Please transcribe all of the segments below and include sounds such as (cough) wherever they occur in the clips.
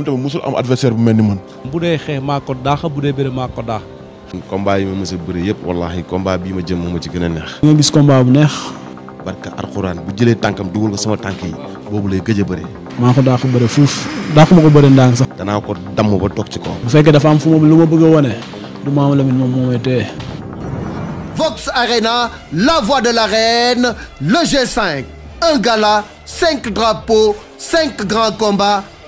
moom tamit mosul am adversaire bu mel ni man. bu dee xeex maa ko daax bu dee bëre maa ko daax. combat yi ma mës a bëri yëpp wallaahi combat bii ma jëm moo ma ci gën a neex. nga gis combat bu neex. barka alxuraan bu jëlee tànkam dugal ko sama tànk yi boobu lay gëj a bëri. maa ko daax bëri fuuf daax ko bëri ndànk sax. danaa ko damm ba toog ci kaw. bu fekkee dafa am fu mu lu ma bëgg a du ma am la voix de l'arène le G5 un gala cinq drapeaux cinq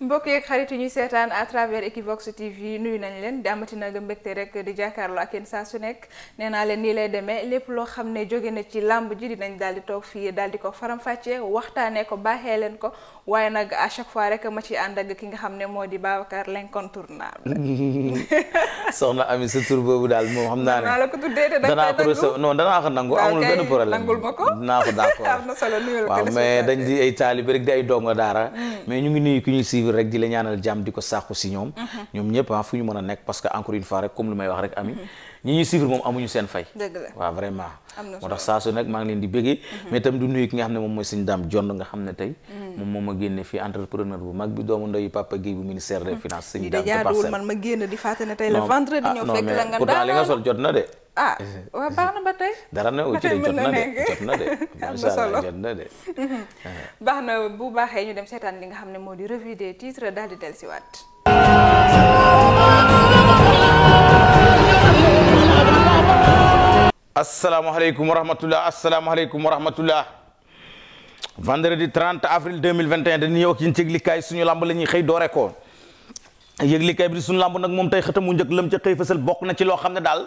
mbokk yeeg xarit yi ñuy seetaan à travers Equivox TV nuyu nañ leen di amati nag mbégte rek di jàkkaarloo ak yéen saa su nekk nee naa leen nii lay deme lépp loo xam ne jóge na ci làmb ji dinañ daal di toog fii daal di ko faram-fàccee waxtaanee ko baaxee leen ko waaye nag à fois rek ma ci ànd ki nga xam ne moo di Babacar l'incontournable. (laughs) soxna Ami sa tur boobu daal moom xam naa ne. danaa la ko tuddee te danaa ko nangu non danaa ko nangu amul benn (laughs) ay taalibe rek di ay dongo daara hmm. ñu ngi suivre di la ñaanal jàmm di ko sàqu si ñoom mhm. ñoom ñëpp ah fu ñu mën a nekk parce que encore une fois rek comme lu may wax rek ami mhm. ñi ñuy suivre moom amuñu seen fay waaw vraiment moo tax saa su nekk maa ngi leen di bëggee mhm. mais itam du nuyu nga xam ne moom mooy suñu daam jond nga xam ne tey moom moom ma génne fii entrepreneur bu mag bi doomu ndeyu Papa Guèye bu ministère des finances suñu daam man ma génn di fàtte ah, li nga sol jot na de ah eh, eh, waaw baax na ba (laughs) dara na aussi de jot na de (laughs) jot na de. jot na de. baax na bu baaxee ñu dem seetaan li nga xam ne moo di revue des titres daal di dellusiwaat. asalaamaaleykum wa rahmatulah asalaamaaleykum wa rahmatulah. vendredi 30 avril 2021 dañuy ñëw ak yéen ci suñu lamb la ñuy xëy doore ko. yëglikaay bi di suñu làmb nag moom tey xëtam mu njëkk lëm ca xëy fësal bokk na ci loo xam ne daal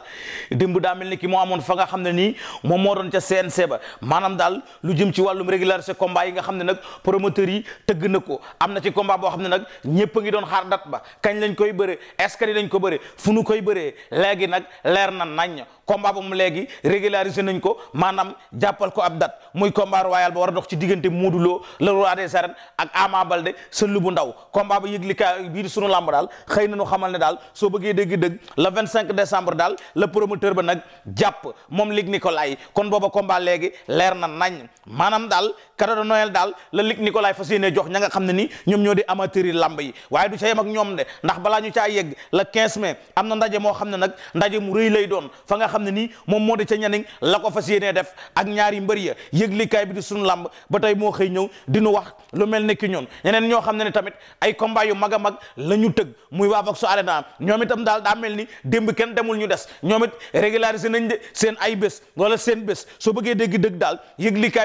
démb daa mel ni ki moo amoon fa nga xam ne nii moom moo doon ca CNC ba maanaam daal lu jëm ci wàllum régulariser combat yi nga xam ne nag promoteur yi tëgg na ko am na ci combat boo xam ne nag ñépp a ngi doon xaar date ba kañ lañ koy bëre est-ce que dinañ ko bëre fu nu koy bëree léegi nag leer na nañ combat ba mu léegi régularisé nañ ko maanaam jàppal ko ab date muy combat royal ba war a dox ci diggante Modou Lo le roi des arènes ak Ama Baldé sa lu ndaw combat ba yëgli ka biir sunu lamb daal xëy na ñu xamal ne daal soo bëggee dëgg-dëgg le 25 décembre daal le promoteur ba nag jàpp moom Luc Nicolaï kon booba combat léegi leer na nañ maanaam daal cadeau de Noël daal la Luc Nicolaï fa yéene jox ña nga xam ne ni ñoom ñoo di amateur yi lamb yi waaye du ca yem ñoom de ndax balaa ñu caa yegg le 15 mai am na ndaje moo xam ne nag ndaje mu rëy lay doon xam ne nii moom moo di ca ñaniŋ la ko fas yéenee def ak ñaari mbër ya yëglikaay bi di sunu làmb ba tey moo xëy ñëw di nu wax lu mel ne ki ñoon ñeneen ñoo xam ne a mag la ñu tëgg muy waa Vox Arena ñoom daa mel ni bi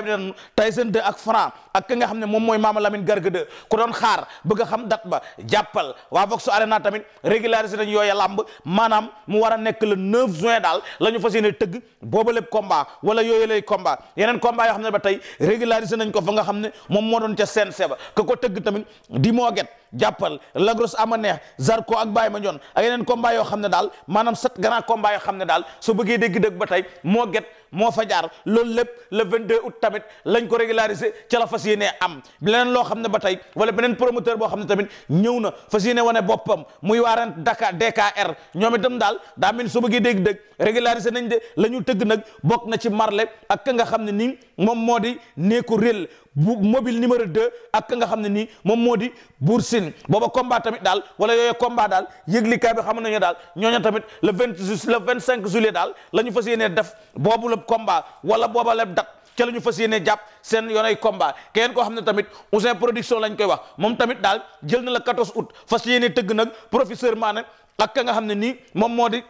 dan Tyson 2 ak Franc ak ki nga xam ne moom mooy Mama Lamine Garga 2 ku doon xaar bëgg a xam date ba jàppal waa Vox Arena tamit régulariser nañ yooya làmb maanaam mu war a nekk le 9 juin daal lañu ñu fas tëgg booba lépp combat wala yooyu lay combat yeneen combat yoo xam ne ba tey régularisé nañ ko fa nga xam ne moom moo doon ca seen seba ka ko tëgg tamit di moo get jàppal lagros ama neex zarko ak Baye ma ñoon ak yeneen combat yoo xam ne daal maanaam sept grand combat yoo xam ne daal soo bëggee dégg dëgg ba tey moo get moo fa jaar loolu lépp le de août tamit lañ ko régulariser ca la fas am leneen loo xam ne ba tey wala beneen promoteur boo xam ne tamit ñëw na fa yéene wane boppam muy waareen Dakar DKR ñoom itam daal daa mel soo bëggee dégg dëgg régulariser nañ de la ñu tëgg nag bokk na ci marle ak ka nga xam ne nii moom moo di neeku réel bu mobile numéro 2 ak ka nga xam ne nii moom moo di Bour Sine Sine booba combat tamit daal wala yooyu combat daal yëglikaay bi xam nañu daal ñooñu tamit le vingt le vingt cinq juillet daal la fas yéenee def boobu la combat wala booba la date ca la fas yéenee jàpp seen yoonay combat kenn koo xam ne tamit Ouzin production lañ koy wax moom tamit daal jël na la 14 août fas yéenee tëgg nag professeur Mané ak ka nga xam ne nii moom moo di.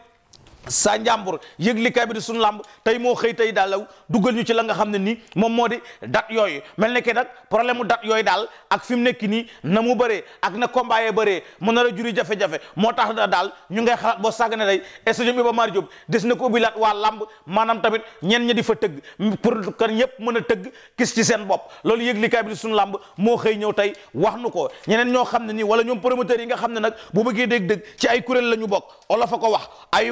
sa njàmbur yëglikaay bi di sunu làmb tey moo xëy tey daal dugal ñu ci la nga xam ne nii moom moo di dat yooyu mel ne que nag problème mu yooyu daal ak fi mu nekk nii na mu bëree ak na combat yee mu nar a juri jafe-jafe moo tax daal ñu ngay xalaat boo sàgg ne day stadium Iba Mar Diop des na ko ubbi laat waa làmb maanaam tamit ñen ñi di fa tëgg pour que ñëpp mën a tëgg gis ci seen bopp loolu yëglikaay bi di làmb moo xëy ñëw tey wax nu ko ñeneen ñoo xam ne nii wala ñoom promoteurs yi nga xam ne nag bu bëggee dégg-dégg ci ay kuréel lañu bokk olof a ko wax ay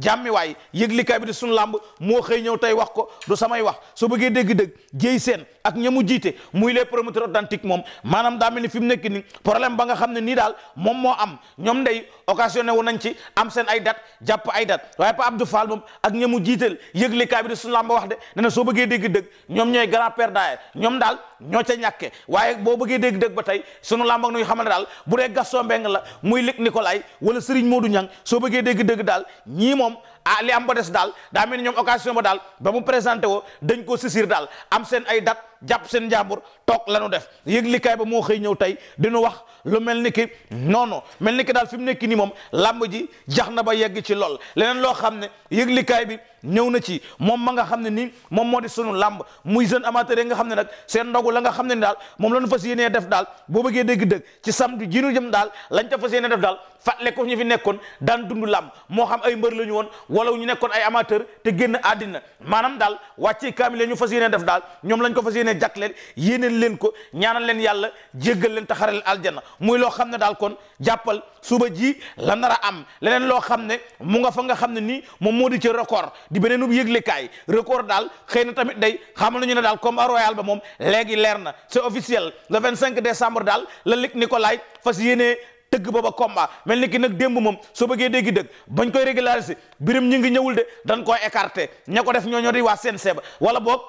jàmmi waay yëglikaay bi di sunu làmb moo xëy ñëw tey wax ko du samay wax soo bëggee dégg-dëgg jéy seen ak ñamu jiite muy les promoteurs authentiques moom maanaam daa mel ni fi mu nekk ni problème ba nga xam ne nii daal moom moo am ñoom ndey occasionné wu nañ ci am seen ay date jàpp ay dat waaye pa Abdou Fall moom ak ñamu jiiteel yëgle kaay bi de suñu làmb wax de ne na soo bëggee dégg dëgg ñoom ñooy grand père daaye ñoom daal ñoo ca ñàkke waaye boo bëggee dégg dëgg ba tey sunu làmb ak nuy xamal ne daal bu dee Gaston Mbengue la muy Luc ay wala Serigne Modou ñan soo bëggee dégg dëgg daal ñii moom ah li am ba des daal daa mel ni ñoom occasion ba daal ba mu présenté wo dañ koo sisir daal am seen ay date jàpp seen njàmbur toog la nu def yëg likaay ba moo xëy ñëw tey dinu wax lu mel ni ki non mel ni ki daal fi mu nekk nii moom làmb ji jax na ba yegg ci lool leneen loo xam ne yëg likaay bi ñëw na ci moom ma nga xam ne nii moom moo di sunu làmb muy jeune amateur yi nga xam ne nag seen ndogu la nga xam ne ni daal moom la ñu fas yéenee def daal boo bëggee dëgg ci samedi ji nu jëm daal lañ ca fas yéenee def daal fàttali ko fi nekkoon daan dund làmb moo xam ay la ñu woon wala ñu nekkoon ay amateur te génn àddina maanaam daal wàccee kaamil ñu fas yéenee def daal ñoom lañ ko fas yéenee jagleel yéeneen leen ko ñaanal leen yàlla jéggal leen taxaral aljanna muy loo xam ne daal kon jàppal suba ji la nar a am leneen loo xam ne mu nga fa nga xam ne nii moom moo di ci record di beneenub yëglekaay record daal xëy na tamit day xamal nañu ne daal combat royal ba moom léegi leer na c'est officiel le 25 décembre daal la Luc Nicolaï fas yéenee tëgg booba combat mel ni ki nag démb moom soo bëggee dégg dëgg bañ koy régulariser biram ñi ngi ñëwul de dañ koy écarté ña ko def ñoo ñoo di waa CNG ba wala boog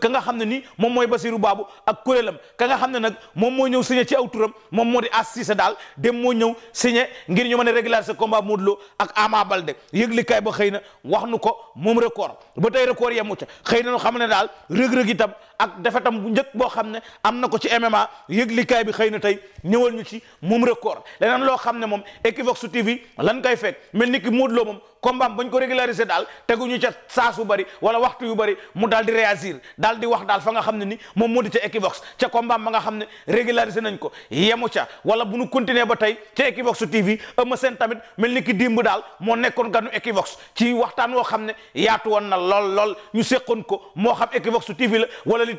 ka nga xam ne nii moom mooy Basiru Baabu ak kuréelam ka nga xam ne nag moom moo ñëw signé ci aw turam moom moo di assisé daal dem moo ñëw signé ngir ñu mën a régulariser combat Modou Lo ak Ama Baldé yëglikaay ba xëy na wax nu ko moom record ba tey record yemu ca xëy na ak defetam bu njëkk boo xam ne am na ko ci MMA yëglikaay bi xëy na tey ñëwal ñu ci moom record leneen loo xam ne moom Equivox TV lan kay fekk mel ni ki Modou moom kombaam bañ ko régulariser daal teguñu ca saasu bëri wala waxtu yu bari mu daal di réagir daal di wax daal fa nga xam ne ni moom moo di ca Equivox ca kombaam ba nga xam ne régulariser nañ ko yemu ca wala bu nu continuer ba tey ca Equivox TV Eumeu Sène tamit mel ni ki dimb daal moo nekkoon ganu Equivox ci waxtaan woo xam ne yaatu woon na lool lool ñu séqoon ko moo xam Equivox TV la wala li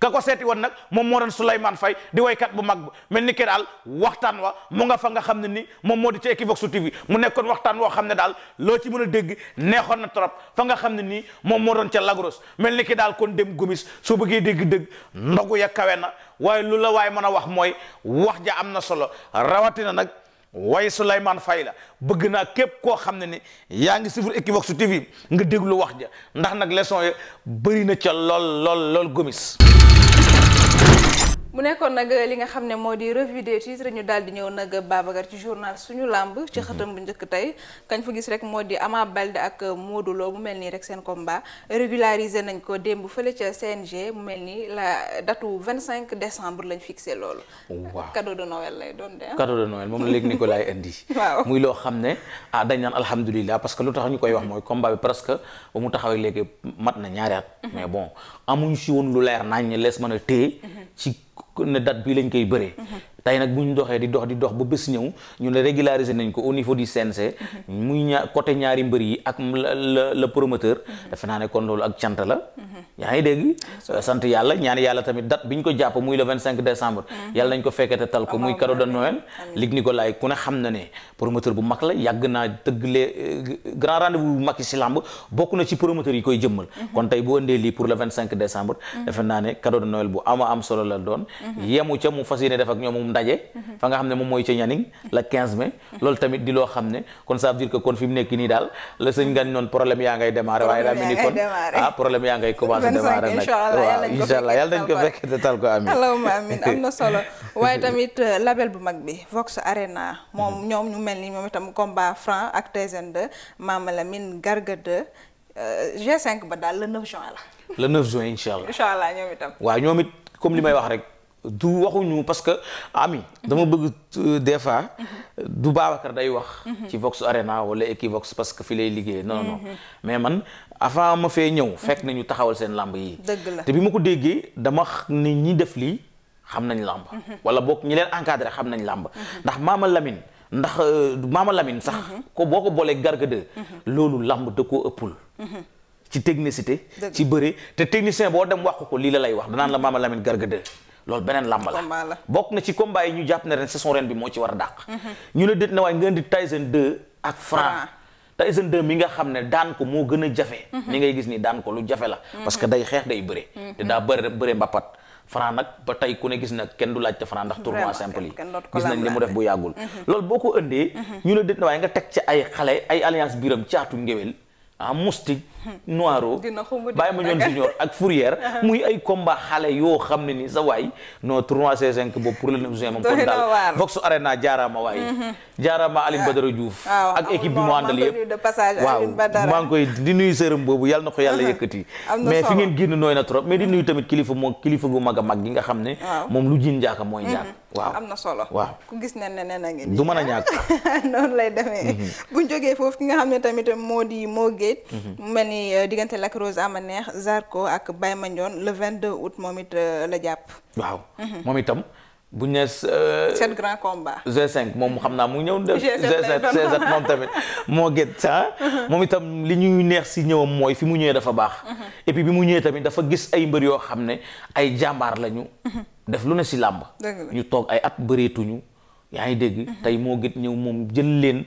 ka ko seeti woon nag moom moo doon Souleymane Faye di waykat bu mag ba mel ni ki daal waxtaan wa mu nga fa nga xam ne ni moom moo di ca Equivox TV mu nekkoon waxtaan woo xam ne daal loo ci mën a dégg neexoon na trop fa nga xam ne nii moom moo doon ca lagros mel ni ki daal kon dem gomis soo bëggee dégg dégg ndogu ya kawe na waaye lu la waaye mën a wax mooy wax ja am na solo rawatina nag waaye Souleymane fay la bëgg naa képp koo xam ne ni yaa ngi suivre Equivox TV nga déglu wax ja ndax nag leçon ya bëri na ca lool lool lool gomis mu nekkoon nag li nga xam ne moo di revue des titres ñu daal di ñëw nag Babacar ci journal suñu làmb ci mhm. xëtam bu njëkk tey kañ fa gis rek moo di Ama Baldé ak Modou Lo mu mel nii rek seen combat régularisé nañ ko démb fële ca CNG mu mel nii la datu cinq décembre lañ fixe loolu. waaw cadeau de Noël lay doon de ah. cadeau de Noël moom la léegi Nicolas lay indi. (laughs) waaw muy loo xam ne ah, dañ naan alhamdulilah parce que lu tax ñu koy wax mooy combat bi presque mu taxawee léegi mat na ñaari mhm. mais bon amuñ si lu leer nañ lees mën a téye mhm. ci. ne date bi lañ bëree tey nag bu ñu doxee di dox di dox ba bés ñëw ñu ne régulariser nañ ko au niveau CNC. Mhm. muy ña côté ñaari mbër yi ak la le promoteur. Mhm. defe naa ne kon loolu ak cant la. Mhm. yaa ngi dégg euh, sant yàlla ñaan yàlla tamit date bi ko jàpp muy le 25 décembre. yàlla nañ ko fekkee te tal ko muy cadeau de Noël. Luc Nicolaï ku ne xam na ne promoteur bu mag la yàgg naa tëggle euh, grand rendez-vous bu mag yi si làmb bokk na ci promoteur yi koy jëmmal. kon tey bu ëndee lii pour le 25 décembre. defe naa ne cadeau de ama am solo la doon. yemu ca mu fas def ak ñoom ndaje mhm. fa nga xam ne moom mooy ca ñaning la 15 mai mhm. loolu tamit di loo xam ne kon ça veut dire que kon fi mu nekk nii daal la sëñ nga noon problème yaa ngay démarrer waaye daa mel ni kon ah problème yaa ngay commencé démarrer nag waaw incha ñoom itam combat ñoom it comme li may wax rek du waxuñu parce que ami dama bëgg euh, des fois du Babacar day wax ci Vox Arena wala Equivox parce que fi lay liggéey non mais man avant ma fee ñëw fekk nañu taxawal seen làmb yi dëgg te bi ma ko déggee dama ni ñi def lii xam nañ làmb wala boog ñi leen encadré xam nañ làmb ndax Mama Lamine ndax euh, Mama Lamine sax ko boo ko boolee Garga 2 loolu làmb da koo ëppul ci technicité ci bëre te technicien boo dem wax ko lii la lay wax danaan la Mama Lamine Garga 2 loolu beneen làmb la bokk na ci combat yi ñu jàpp ne ren saison ren bi moo ci war a dàq mhm. ñu ne dét na waaye ngeen di Tyson 2 ak Franc Tyson 2 mi nga xam ne daan ko moo gën a jafe mhm. ni ngay gis ni daan ko lu jafe la mhm. parce que day xeex day bëre te daa bëre bëre mbappat Franc nag ba tey ku ne gis na kenn du laajte Franc ndax tournoi simple yi gis nañ li mu def bu yàggul lool boo ko ëndee ñu ne dét na waaye nga teg ci ay xale ay alliance biram caatu ngéwél ah mustik noiro bàyyi ma ñoon junior ak fourrière (laughs) muy ay combat xale yoo xam ne ni sa waay non tournoi C5 boobu mhm. ah. ah, ak équipe bi mu àndal yëpp waaw maa ngi koy di nuyu sërëm boobu yàlla na ko yàlla (laughs) yëkkati mais fi ngeen génn nooy na trop mais di mhm. nuyu tamit kilifa moo kilifa gu a mhm. a (laughs) noonu lay demee buñ jógee foofu ki nga xam ne tamit moo di moo géej ni euh, diggante Lac Rose ama neex Zarko ak Baye Mandione le 22 août moom it euh, la jàpp. waaw mhm. moom itam bu ne nee. Euh, sept grand combat. G5 moom xam naa mu ñëw. G7 g moom tamit moo gét sa ah. mhm. moom itam li ñuy neex si ñëwam mooy fi mu ñëwee dafa baax. Mhm. et bi mu ñëwee tamit dafa gis ay mbër yoo xam ne ay jàmbaar lañu. def lu ne si làmb. ñu toog ay at bëreetuñu. yaa ngi dégg mhm. tey moo gét ñëw moom jël leen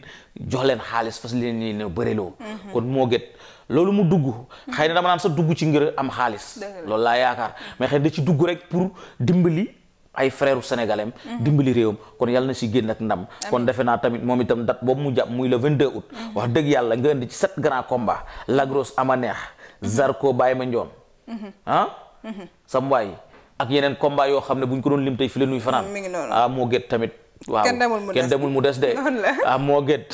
jox leen xaalis fas leen leen ne bëreloo mhm. kon moo gét loolu mu dugg mhm. xay na dama naan sa dugg ci ngir am xaalis loolu laa yaakaar mais xëy na ci dugg rek pour dimbali ay frère sénégalais dimbali réewam kon yàlla na si génn ak ndam kon defe naa tamit moom itam date boobu mu jàpp muy le 22 août wax dëgg yàlla nga indi ci sept grands combats lagros ama neex zarko bàyyi ma njoon ah sam waay ak yeneen combat yoo xam ne bu waaw kenn demul mu des de am moo gét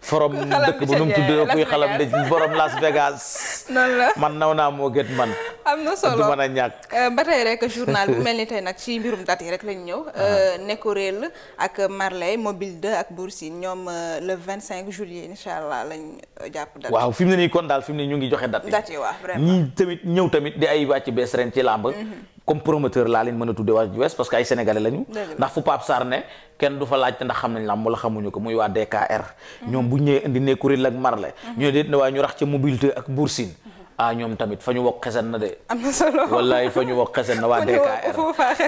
forom dëkk bu num tudd kuy xalam de borom Las Vegas (laughs) noonu la man naw naa moo gét man am na solo du mën euh, ba tey rek journal bu mel ni tey nag ci mbirum date yi rek lañu ñëw euh, nekko réel ak Marley mobile 2 ak Boursine ñoom euh, le 25 juillet incha allah lañ jàpp date waaw fi mu ne nii kon daal fi mu ne ñu ngi joxe date yi date yi tamit ñëw tamit di ay wàcc bees ren ci làmb mhm. comme promoteur laa leen mën a tudde waa US parce que ay sénégalais lañu ndax fu Pape Sarr ne kenn du fa laajte ndax xam nañ làmb wala xamuñu ko muy waa DKR mm-hmm. ñoom bu ñëwee indi nekkuréel ak marle mm-hmm. ñoo déet ne waaye ñu rax ca mobilité ak Boursine mm-hmm. ah ñoom tamit fa ñu wax xesen na de. am na solo wallaay fa ñu wax xesen na waa (laughs) DKR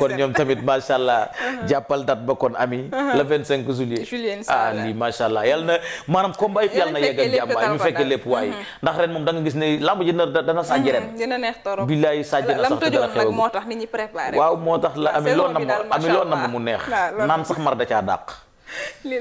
kon ñoom tamit macha allah. Uh-huh. jàppal dat ba kon ami. Uh-huh. le 25 juillet. juillet ah lii macha allah yal na maanaam combat yëpp yal na yegg ak jàmm ñu fekkee lépp waaye. Uh-huh. ndax ren moom da nga gis ne lamb ji dana dana sàjj ren. dina neex torop billaay sàjj na sax dara xew waaw moo tax la ami loon na mu ami loon na mu neex naan sax mar da caa dàq. li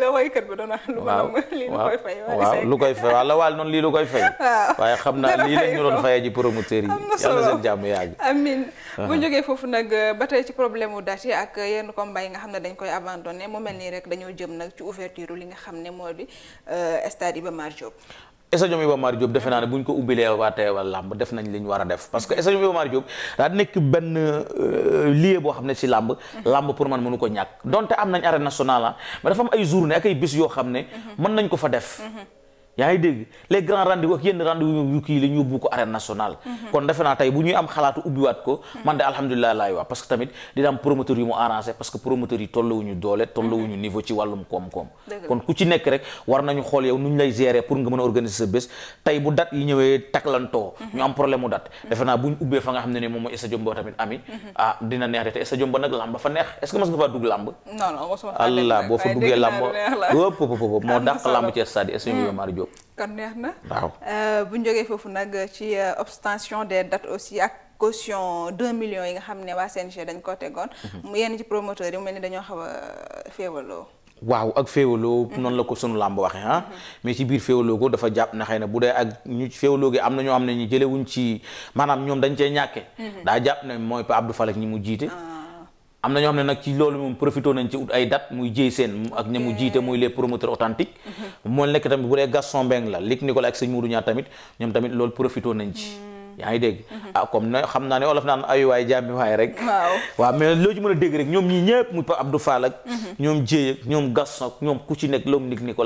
la waykat bi doon wax lu ma lii lu koy fay waaw lu koy fay waaw la waal noonu lii lu koy fay (laughs) waaye xam naa lii la ñu doon fayee ji promoteurs yi yàlla seen jàmm yàgg amin bu jógee foofu nag ba tey ci problème wu date yi ak yenn combat yi nga xam ne dañ koy abandonné mu mel nii rek dañoo jëm nag ci ouverture li nga xam ne moo di euh, stade Iba Mar Diop stade Iba Mar Diop defe naa ne buñ ñu ko ubbilee waa Teewal làmb def nañ li ñu war a def parce que stade Iba Mar Diop daa nekk benn euh, lieu boo xam ne si làmb làmb pour man mënu ko ñàkk donte am nañ arène nationale ah, mais dafa am ay journée ak ay bis yoo xam ne mhm. mën nañ ko fa def mhm. yaa ngi dégg les grands rendez-vous ak yenn rendez-vous ko arène nationale mhm. kon defe naa tey bu ñuy am xalaatu ubbiwaat ko mhm. man de alhamdulilah laay wax parce que tamit dina am promoteur yu mu arrangé parce que promoteurs yi tollawuñu doole tollawuñu mhm. niveau ci wàllum koom-koom kon ku ci nekk rek war nañu xool yow nu ñu lay gérer pour nga mën a organiser sa bés tey bu date yi ñëwee taklantoo ñu am problème mu date defe naa bu ñu ubbee fa nga xam ne ne moom mooy stade Jomba tamit ami ah fa neex est-ce que mas moo Diop. kon neex na. waaw euh, bu ñu jógee foofu nag ci euh, obtention des dates aussi ak caution 2 millions yi nga xam ne waa CNG dañ ko tegoon. Mhm. mu yenn ci promoteurs yi mu mel ni dañoo xaw a féewaloo. waaw ak féewaloo mhm. noonu la ko sunu làmb waxee ah mhm. mais ci biir féewaloo ko dafa jàpp na xëy na bu dee ak ñu féewaloo gi am na ñoo xam ne ñu jëlewuñ ci maanaam ñoom dañ cee ñàkke daa jàpp ne mooy pa Abdou Falek ñi mu jiite ah. am na ñoo xam ne nag ci loolu moom profité nañ ci ut ay date muy jéy seen ak ña mu jiite muy les promoteurs authentiques mm-hmm. moo nekk tamit bu dee Gaston Mbengue la Luc Nicolaï ak sëñ Modou Niang tamit ñoom tamit loolu profité nañ ci mm. yaa ngi dégg mhm. a ah, comme na xam naa ne olof naan ayuwaay jàmmi waay rek waaw waaw mais loo ci a dégg rek ñoom ñi ñëpp muy Pape Abdou Fall mhm. ñoom Jéy ñoom Gasson ñoom ku ci nekk a mhm. li ñu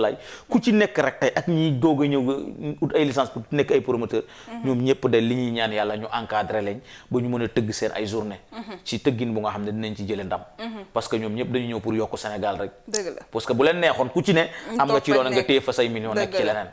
a tëgg bu nga xam ne dinañ ci jële ndam parce que ñoom ñëpp dañu ñëw pour yokk Sénégal rek la parce que bu leen neexoon ku ci ne am nga ci loon nga téye fa say million nekk ci leneen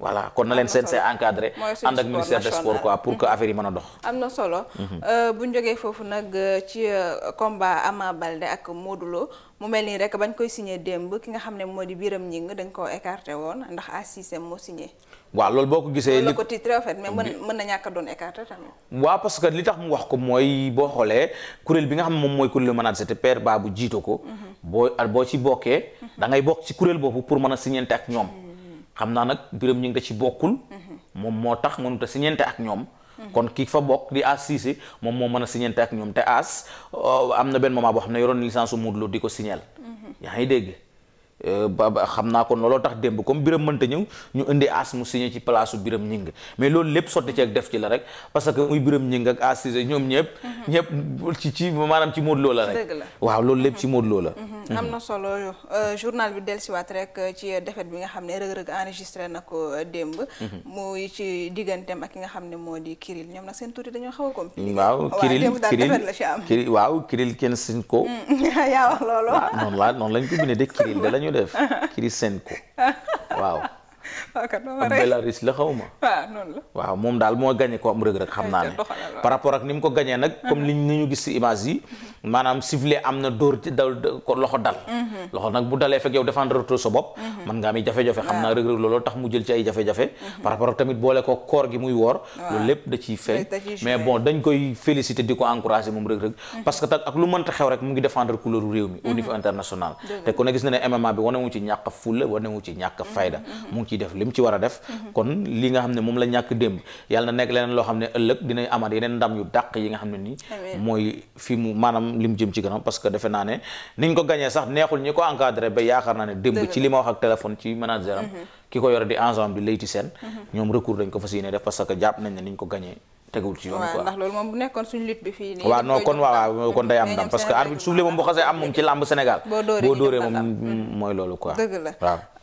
voilà kon na leen seen c'est encadré ànd ak ministère des sports quoi pour que affaire yi mën a dox. am na solo. Mhm. Euh, bu ñu jógee foofu nag euh, ci euh, combat Ama Baldé ak Modou mu mel nii rek bañ koy signé démb ki nga xam ne moo di Biram Ñing dañ koo écarté woon ndax Assise moo signé. waaw loolu boo ko gisee. li ko titré en li tax mu wax ko mooy boo xoolee kuréel bi nga xam ne moom mooy kuréelu manaat c'était père ba bu jiito ko. Mhm. boo boo ci bokkee. Mhm. da ngay bokk ci kuréel boobu pour mën a signante ak ñoom. xam naa nag Biram Ñing da ci bokkul. moom moo tax mënut a signante kon ki fa bokk di As Cissé moom moo mën a signante ak ñoom te As euh, am na benn moment boo xam ne yoroon licence su Modou Lo di ko signal mhm. yaa ngi dégg Euh, ba ba xam naa ko looloo tax démb comme biram mënta ñëw ñu indi as mu signé ci place biram ñing mais loolu lépp sotti ci ak def ci la rek parce que muy biram ñing ak as ñoom ñëpp. Mhm. ñëpp ci ci maanaam ci Modou Lo la rek. waaw loolu lépp ci mhm. Modou Lo la. Mhm. am na solo euh, journal bi euh, nag seen tuuti dañoo xaw a mm, ko. waaw Kiril waaw Kiril kenn sin ko. yaa wax loolu. noonu la noonu lañ ko bindee de Kiril de lañu ñu def Kirisenko (laughs) waaw Bélarusse la xaw (laughs) waaw moom daal moo gagné ko am rëg-rëg xam naa ne par rapport ak ni mu ko gagné nag comme li ñu gis ci image yi maanaam sifflet am na dóor loxo dal loxo nag bu dalee fekk yow défendre retour sa bopp man nga am jafe-jafe xam naa rëg-rëg looloo tax mu jël ci ay jafe-jafe par rapport ak ko koor gi muy woor loolu lépp da ciy feeñ di ko encourager moom lu mënta xew rek mu ngi défendre couleur réew mi au niveau international te ku ne gis na ne MMA bi wane wu ci ñàkk fulla wane wu ci ñàkk fayda mu ngi lim ci war a def kon li nga xam ne moom la ñàkk démb yàlla na nekk leneen loo xam ne ëllëg dinañ amaat yeneen ndam yu dàq yi nga xam ne nii mooy fi mu maanaam lim jëm ci kanam parce que defe mhm. mhm. nañ ne niñ ko gañee tegul ci yoon quoi ndax loolu moom bu nekkoon suñu kon day am ndam parce que arbitre soufflé moom bu xasee am moom ci làmb Sénégal boo dóoree moom mooy loolu quoi dëgg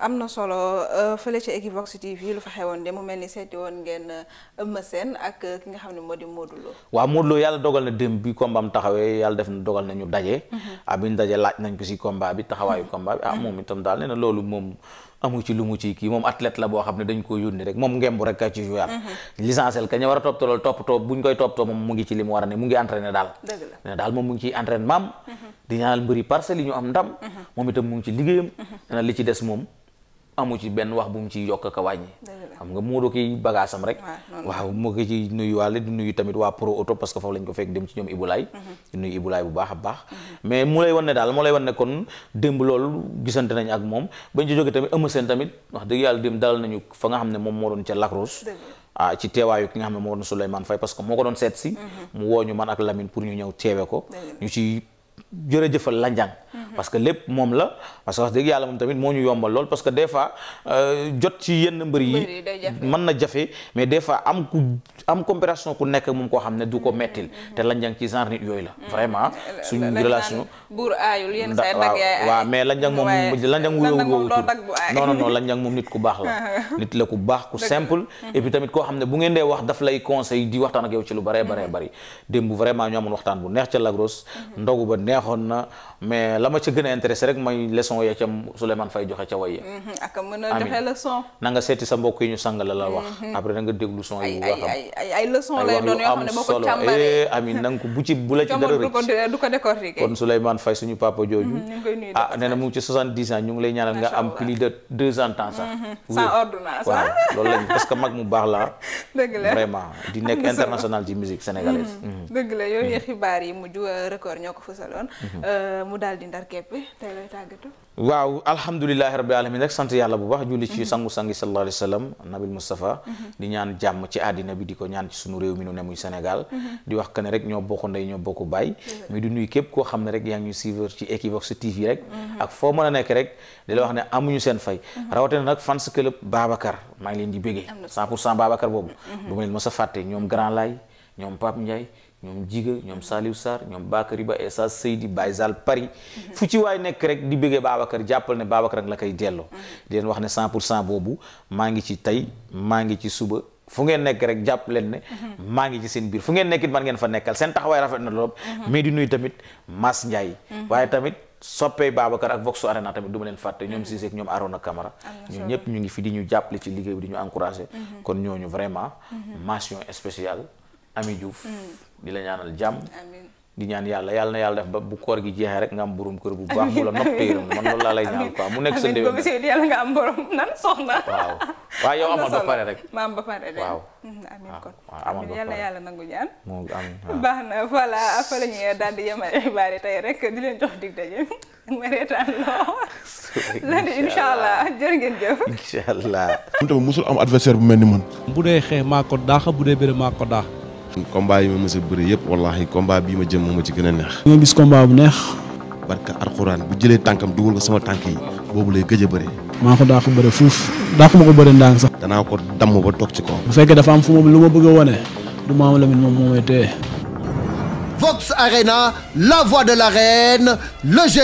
am na solo euh, fële ci Equivox TV lu fa xewoon de mu mel ni seeti woon ngeen euh, Eumeu Sène ak euh, ki nga xam ne moo di Modou Lo. waaw Modou yàlla dogal na démb bi combat am taxawee yàlla def na dogal na ñu daje. Mhm. ah bi ñu daje laaj ko si combat bi taxawaayu combat ah, mhm. moom itam daal nee na loolu moom. amu ci lu mu kii moom athlète la boo xam ne dañ koo yónni rek moom ngemb rek mhm. war a toppatoo loolu toppatoo koy toppatoo moom mu ngi ci li mu war a ngi entraîné daal ne moom mu ngi ci entraînement am ñu am ndam moom itam mu ngi ci liggéeyam li ci des moom amu ci benn wax bu mu ciy yokk ka wàññi xam nga Modou kiy bagaasam rek waaw ma ko ci nuyu waale di nuyu tamit waa pro auto parce que foofu lañ ko fekk dem ci ñoom Ibulaay mhm. di bu baax a baax mais mu lay wan ne daal moo lay wan ne kon démb loolu gisante nañ ak moom bañ ci jógee tamit Eumeu Sène tamit wax dëgg yàlla dem dalal nañu fa nga xam ne moom moo doon ca Lacrosse ah ci teewaayu ki nga xam ne moo doon Souleymane Faye parce que moo ko doon seet si mhm. mu wooñu man ak Lamine pour ñu ñëw teewe ko ñu ci a jërëjëfal Landiang mhm. parce que lépp moom la parce que wax yàlla moom tamit moo ñu yombal lool parce que des fois euh, jot ci yenn mbër yi man na jafe mais des fois am ku am comparaison ku nekk moom koo xam ne du ko mhm. mettil te Landiang ci genre nit yooyu la mhm. vraiment su relation buur aayul yenn saa dag yaay waaw mais Landiang moom Landiang wuyoo wuyoo non non non Landiang moom nit ku baax (laughs) la nit la ku baax ku simple et puis tamit koo xam ne bu ngeen dee wax daf lay conseil di waxtaan ak yow ci lu bare bare bari démb vraiment waxtaan bu neex ca Lagros ndogu neexoon na mais la ma ca gën a intéressé rek mooy leçon ya ca Souleymane Faye joxe ca way ya mhm, ak mën a joxe leçon na seeti sa mbokk yi ñu sàng la la wax mhm. après na nga déglu son yi bu ay leçon lay doon eh, la la (laughs) dëgg la di nekk (laughs) international ci musique sénégalaise mhm, dëgg la yooyu xibaar yi mujj euh, record ñoo ko fësal amaloon. Mhm. Euh, mu daal di ndar képp tey lay tàggatu. waaw alhamdulilahi rabbil alamin rek sant yàlla bu wax julli ci mhm. sangu-sangi sallallahu alayhi wa sallam nabil Mustafa mhm. di ñaan jàmm ci àddina bi di ko ñaan ci sunu réew mi nu ne muy Sénégal di wax que ne rek ñoo bokk ndey ñoo bokk baay mais di nuyu képp koo xam ne rek yaa ngi ñu suivre ci Equivox TV rek ak foo mën a nekk rek di la wax ne amuñu seen fay rawatina nag fans club Babacar maa ngi leen di béggee 100 pour cent Babacar boobu ma leen fàtte ñoom Grand Laye ñoom Jiga ñoom Saliou Sarr ñoom Bakary Ba Essa Seydi Baye Zal Paris fu ci waay nekk rek di bëggee Babacar jàppal ne Babacar la koy delloo di leen wax ne 100 pour cent boobu maa ngi ci tey maa ngi ci suba fu ngeen nekk rek jàpp leen ne maa ngi ci seen biir fu ngeen nekk man ngeen fa nekkal seen taxawaay rafet na lool mais di nuyu tamit Mass Ndiaye waaye tamit soppee Babacar ak Vox Arena tamit du ma leen fàtte ñoom Cissé ak ñoom Arona Camara ñoom ñëpp ñu ngi fi di ñu jàppale ci liggéey bi di ñu encouragé mhm. kon ñooñu vraiment mhm. mention spéciale Ami Diouf. Mm. di la ñaanal jàmm. di ñaan yàlla yàlla yàlla def ba bu koor gi jeexee rek nga am borom kër bu baax bu la nopp yërëm man loolu nekk sa déwén am borom nan soxna. waaw ba pare rek. ma am ba pare mm-hmm. yàlla nangu ñaan. baax na voilà fa la ñuy daal di yemale xibaar yi tey rek di leen jox dig daje ma reetaan loo. (laughs) lundi incha allah jërë ngeen jëf. incha allah. moom tamit mosul am adversaire bu mel ni man. bu dee xee maa daax bu dee bëre maa daax combat yi ma mës a bëri yëpp wallaahi combat bii ma jëm moo ma ci gën a neex. nga gis combat bu neex. barka alxuraan bu jëlee tànkam dugal ko sama tànk yi boobu lay gëj a bëri. maa ko daa ko bëri fuuf daa ko ma ko bëri ndànk sax. danaa ko damm ba toog ci kaw. bu fekkee dafa am fu ma lu ma bëgg a wane du maam Lamine moom moo may téye. Vox Arena la voix de l'arène le g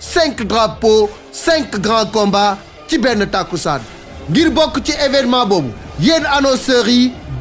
cinq drapeaux cinq grands combats ci benn takkusaan ngir bokk ci événement boobu